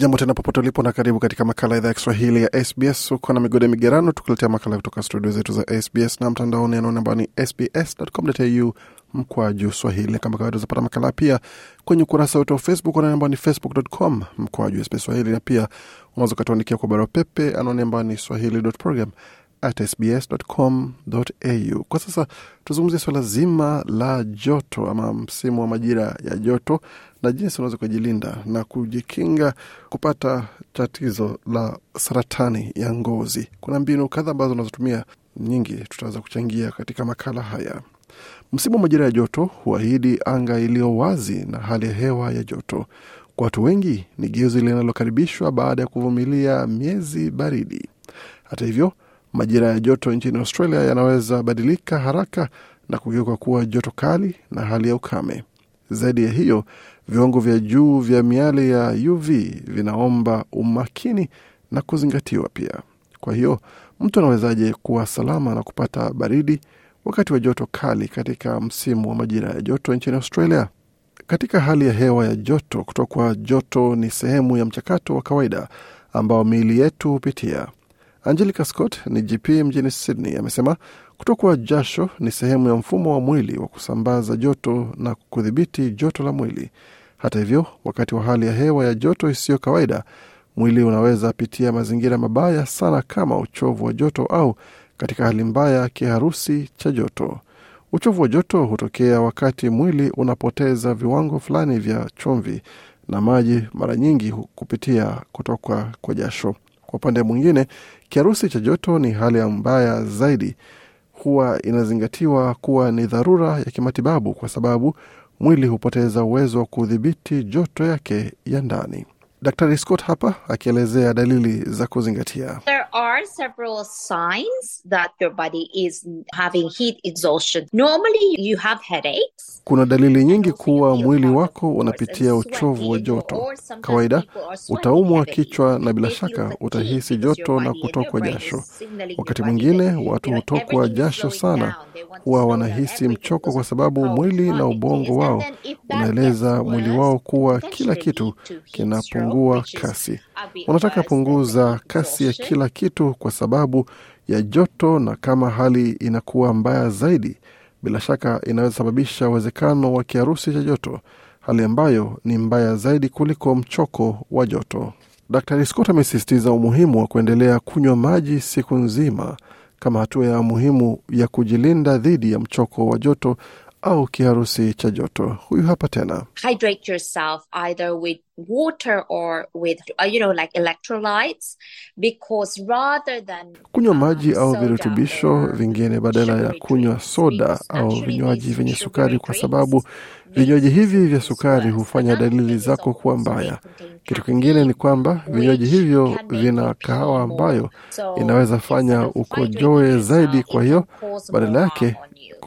Jambo tena popote ulipo na karibu katika makala idhaa ya Kiswahili ya SBS. Uko na migode migerano, tukuletea makala kutoka studio zetu za SBS na mtandaoni, anaona ambao ni sbs.com.au mkwaju swahili. Kama kawaida, zapata makala pia kwenye ukurasa wetu wa Facebook anaone ambao ni facebook.com mkwaju SBS swahili, na pia unaweza ukatuandikia kwa barua pepe anaone ambao ni swahili.program at sbs.com.au. Kwa sasa tuzungumzie swala zima la joto ama msimu wa majira ya joto na jinsi unaweza kujilinda na kujikinga kupata tatizo la saratani ya ngozi. Kuna mbinu kadhaa ambazo unazotumia nyingi, tutaweza kuchangia katika makala haya. Msimu wa majira ya joto huahidi anga iliyo wazi na hali ya hewa ya joto. Kwa watu wengi ni geuzi linalokaribishwa baada ya kuvumilia miezi baridi. Hata hivyo, Majira ya joto nchini Australia yanaweza badilika haraka na kugeuka kuwa joto kali na hali ya ukame. Zaidi ya hiyo, viwango vya juu vya miale ya UV vinaomba umakini na kuzingatiwa pia. Kwa hiyo mtu anawezaje kuwa salama na kupata baridi wakati wa joto kali katika msimu wa majira ya joto nchini Australia? Katika hali ya hewa ya joto, kutokwa joto ni sehemu ya mchakato wa kawaida ambao miili yetu hupitia. Angelica Scott ni GP mjini Sydney amesema kutokwa jasho ni sehemu ya mfumo wa mwili wa kusambaza joto na kudhibiti joto la mwili. Hata hivyo, wakati wa hali ya hewa ya joto isiyo kawaida, mwili unaweza pitia mazingira mabaya sana kama uchovu wa joto au katika hali mbaya kiharusi cha joto. Uchovu wa joto hutokea wakati mwili unapoteza viwango fulani vya chumvi na maji, mara nyingi kupitia kutoka kwa jasho. Kwa upande mwingine, kiharusi cha joto ni hali mbaya zaidi, huwa inazingatiwa kuwa ni dharura ya kimatibabu kwa sababu mwili hupoteza uwezo wa kudhibiti joto yake ya ndani. Daktari Scott hapa akielezea dalili za kuzingatia are several signs that your body is having heat exhaustion. Normally you have headaches. Kuna dalili nyingi kuwa mwili wako unapitia uchovu wa joto. Kawaida utaumwa kichwa na bila shaka utahisi joto na kutokwa jasho. Wakati mwingine watu hutokwa jasho sana, huwa wanahisi mchoko kwa sababu mwili na ubongo wao unaeleza mwili wao kuwa kila kitu kinapungua kasi. Wanataka punguza kasi ya kila kitu kwa sababu ya joto, na kama hali inakuwa mbaya zaidi, bila shaka inaweza sababisha uwezekano wa kiharusi cha joto, hali ambayo ni mbaya zaidi kuliko mchoko wa joto. Dr. Scott amesisitiza umuhimu wa kuendelea kunywa maji siku nzima kama hatua ya muhimu ya kujilinda dhidi ya mchoko wa joto au kiharusi cha joto. Huyu hapa tena. Hydrate yourself either with water or with uh, you know like electrolytes because rather than kunywa um, maji au virutubisho vingine badala ya kunywa soda au vinywaji vyenye sukari, kwa sababu vinywaji hivi vya sukari hufanya dalili zako kuwa mbaya. Kitu kingine ni kwamba vinywaji hivyo vina kahawa ambayo inaweza fanya ukojoe zaidi, kwa hiyo badala yake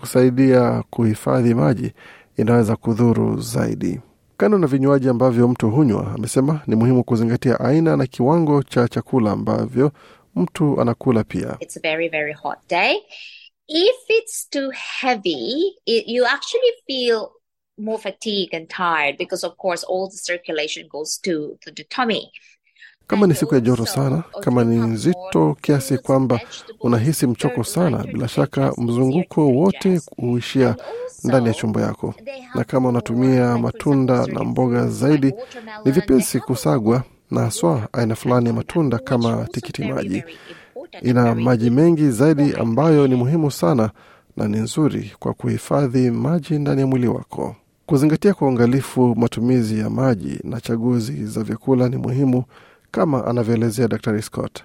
kusaidia kuhifadhi maji inaweza kudhuru zaidi. Kando na vinywaji ambavyo mtu hunywa, amesema ni muhimu kuzingatia aina na kiwango cha chakula ambavyo mtu anakula pia. It's a very, very hot day. If it's too heavy, it, you actually feel more fatigued and tired because of course all the circulation goes to, to the tummy. Kama ni siku ya joto sana, kama ni nzito kiasi kwamba unahisi mchoko sana, bila shaka mzunguko wote huishia ndani ya chumba yako. Na kama unatumia matunda na mboga zaidi, ni vipesi kusagwa, na haswa aina fulani ya matunda kama tikiti maji ina maji mengi zaidi, ambayo ni muhimu sana na ni nzuri kwa kuhifadhi maji ndani ya mwili wako. Kuzingatia kwa uangalifu matumizi ya maji na chaguzi za vyakula ni muhimu kama anavyoelezea Dr Scott.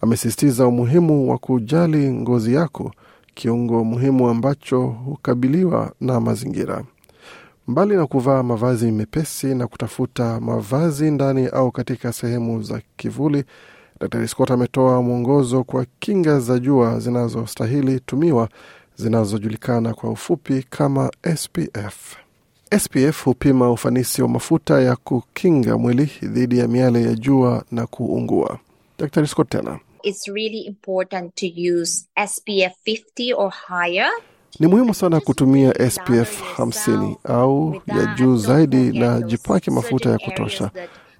Amesisitiza umuhimu wa kujali ngozi yako, kiungo muhimu ambacho hukabiliwa na mazingira. Mbali na kuvaa mavazi mepesi na kutafuta mavazi ndani au katika sehemu za kivuli, Dr Scott ametoa mwongozo kwa kinga za jua zinazostahili tumiwa zinazojulikana kwa ufupi kama SPF. SPF hupima ufanisi wa mafuta ya kukinga mwili dhidi ya miale ya jua na kuungua. Dr. Scott tena It's really important to use SPF 50 or higher. Ni muhimu sana kutumia SPF 50 au ya juu zaidi na jipake mafuta ya kutosha.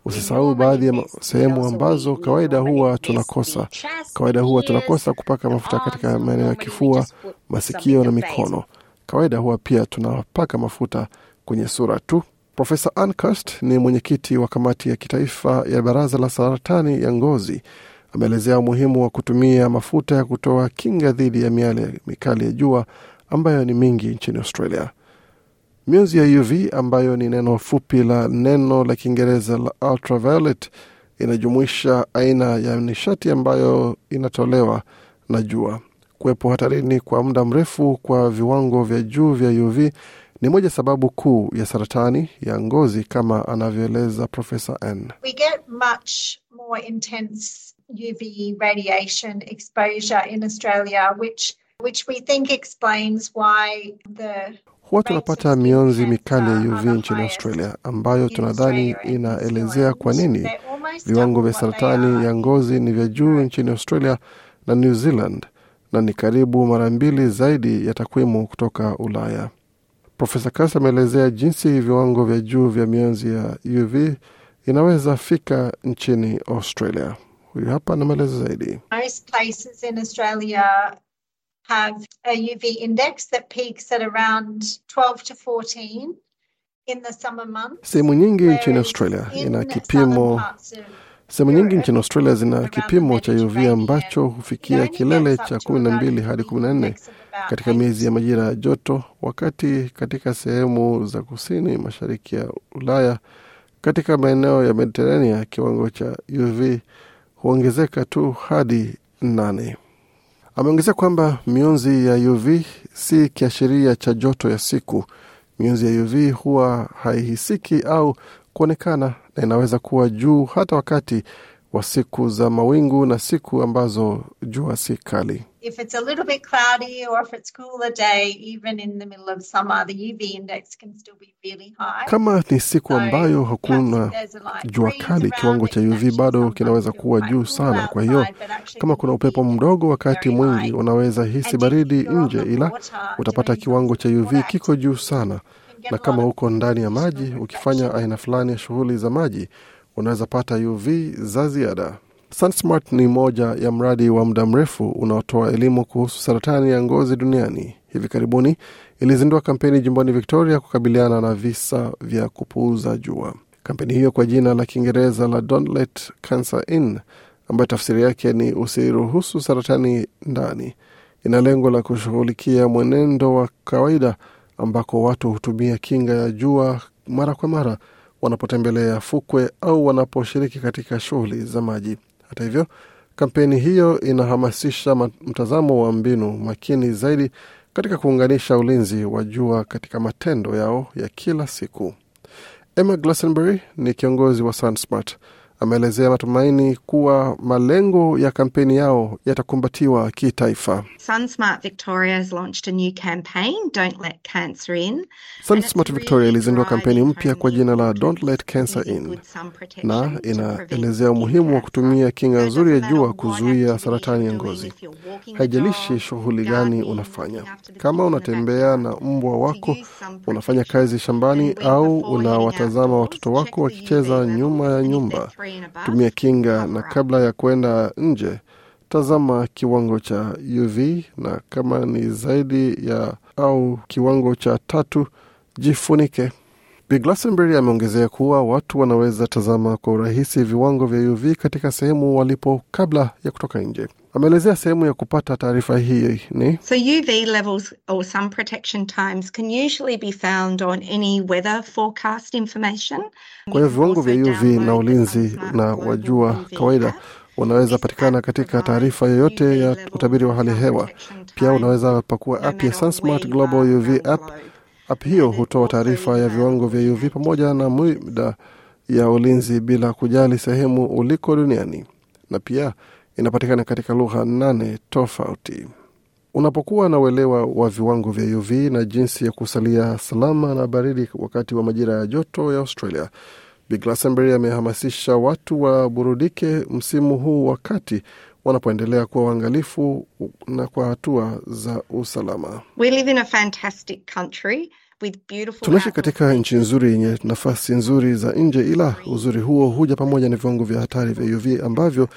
Usisahau baadhi ya sehemu ambazo kawaida huwa tunakosa. Kawaida huwa tunakosa kupaka mafuta katika maeneo ya kifua, masikio na mikono. Kawaida huwa pia tunapaka mafuta kwenye sura tu. Profesa Ancast ni mwenyekiti wa kamati ya kitaifa ya baraza la saratani ya ngozi. Ameelezea umuhimu wa kutumia mafuta ya kutoa kinga dhidi ya miale mikali ya jua ambayo ni mingi nchini Australia. Mionzi ya UV ambayo ni neno fupi la neno la Kiingereza la ultraviolet inajumuisha aina ya nishati ambayo inatolewa na jua. Kuwepo hatarini kwa muda mrefu kwa viwango vya juu vya UV ni moja sababu kuu ya saratani ya ngozi, kama anavyoeleza Profesa N. We get much more intense UV radiation exposure in Australia which, which we think explains why the huwa tunapata mionzi mikali ya UV nchini Australia ambayo tunadhani inaelezea kwa nini viwango vya saratani ya ngozi ni vya juu nchini Australia na New Zealand na ni karibu mara mbili zaidi ya takwimu kutoka Ulaya. Profesa Kas ameelezea jinsi viwango vya juu vya mianzi ya UV inaweza fika nchini Australia. Huyu hapa na maelezo zaidi. Sehemu nyingi nchini Australia ina kipimo Sehemu nyingi nchini Australia zina kipimo cha UV ambacho hufikia kilele cha 12 hadi 14 katika miezi ya majira ya joto, wakati katika sehemu za kusini mashariki ya Ulaya, katika maeneo ya Mediterania, kiwango cha UV huongezeka tu hadi 8. Ameongezea kwamba mionzi ya UV si kiashiria cha joto ya siku. Mionzi ya UV huwa haihisiki au kuonekana na inaweza kuwa juu hata wakati wa siku za mawingu na siku ambazo jua si kali. Kama ni siku ambayo hakuna jua kali, kiwango cha UV bado kinaweza kuwa juu sana. Kwa hiyo kama kuna upepo mdogo wakati mwingi, unaweza hisi baridi nje, ila utapata kiwango cha UV kiko juu sana na kama uko ndani ya maji ukifanya aina fulani ya shughuli za maji, unaweza pata UV za ziada. SunSmart ni moja ya mradi wa muda mrefu unaotoa elimu kuhusu saratani ya ngozi duniani. Hivi karibuni ilizindua kampeni jumbani Victoria kukabiliana na visa vya kupuuza jua. Kampeni hiyo kwa jina la Kiingereza la donlet Cancer In, ambayo tafsiri yake ni usiruhusu saratani ndani, ina lengo la kushughulikia mwenendo wa kawaida ambako watu hutumia kinga ya jua mara kwa mara wanapotembelea fukwe au wanaposhiriki katika shughuli za maji. Hata hivyo, kampeni hiyo inahamasisha mtazamo wa mbinu makini zaidi katika kuunganisha ulinzi wa jua katika matendo yao ya kila siku. Emma Glastonbury ni kiongozi wa SunSmart ameelezea matumaini kuwa malengo ya kampeni yao yatakumbatiwa kitaifa. Sunsmart Victoria ilizindua kampeni mpya kwa jina la Don't Let Cancer In, na inaelezea umuhimu wa kutumia kinga nzuri ya jua kuzuia saratani ya ngozi. Haijalishi shughuli gani unafanya, kama unatembea na mbwa wako, unafanya kazi shambani, au unawatazama watoto wako wakicheza nyuma ya nyumba tumia kinga, na kabla ya kuenda nje tazama kiwango cha UV na kama ni zaidi ya au kiwango cha tatu, jifunike. Bi Glastonbury ameongezea kuwa watu wanaweza tazama kwa urahisi viwango vya UV katika sehemu walipo kabla ya kutoka nje. Ameelezea sehemu ya kupata taarifa hii ni so UV levels or some protection times can usually be found on any weather forecast information. Kwa hiyo viwango vya UV na ulinzi na wajua kawaida unaweza patikana katika taarifa yoyote ya utabiri wa hali ya hewa. Pia unaweza pakua app ya SunSmart Global UV app App hiyo hutoa taarifa ya viwango vya UV pamoja na muda ya ulinzi bila kujali sehemu uliko duniani, na pia inapatikana katika lugha nane tofauti. Unapokuwa na uelewa wa viwango vya UV na jinsi ya kusalia salama na baridi wakati wa majira ya joto ya Australia, Bi amehamasisha watu waburudike msimu huu wakati wanapoendelea kuwa waangalifu na kwa hatua za usalama. We live in a fantastic country. Tunaishi katika nchi nzuri yenye nafasi nzuri za nje, ila uzuri huo huja pamoja na viwango vya hatari vya UV ambavyo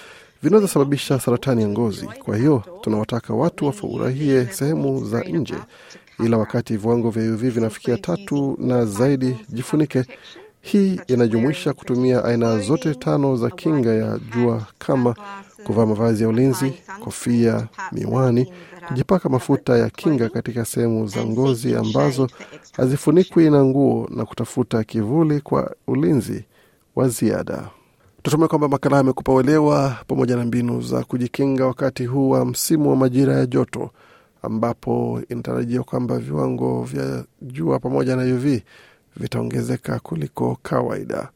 vinaweza sababisha saratani ya ngozi. Kwa hiyo tunawataka watu wafurahie sehemu za nje, ila wakati viwango vya UV vinafikia tatu na zaidi, jifunike. Hii inajumuisha kutumia aina zote tano za kinga ya jua kama kuvaa mavazi ya ulinzi, kofia, miwani, kujipaka mafuta ya kinga katika sehemu za ngozi ambazo hazifunikwi na nguo na kutafuta kivuli kwa ulinzi wa ziada. Tutume kwamba makala amekupa uelewa pamoja na mbinu za kujikinga wakati huu wa msimu wa majira ya joto, ambapo inatarajia kwamba viwango vya jua pamoja na UV vitaongezeka kuliko kawaida.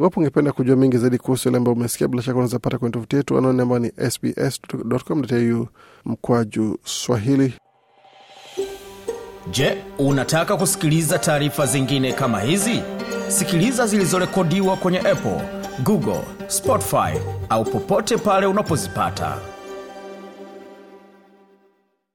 Iwapo ungependa kujua mengi zaidi kuhusu yale ambayo umesikia, bila shaka unaweza pata kwenye tovuti yetu anaoni ambayo ni sbs.com.au mkwaju Swahili. Je, unataka kusikiliza taarifa zingine kama hizi? Sikiliza zilizorekodiwa kwenye Apple, Google, Spotify au popote pale unapozipata.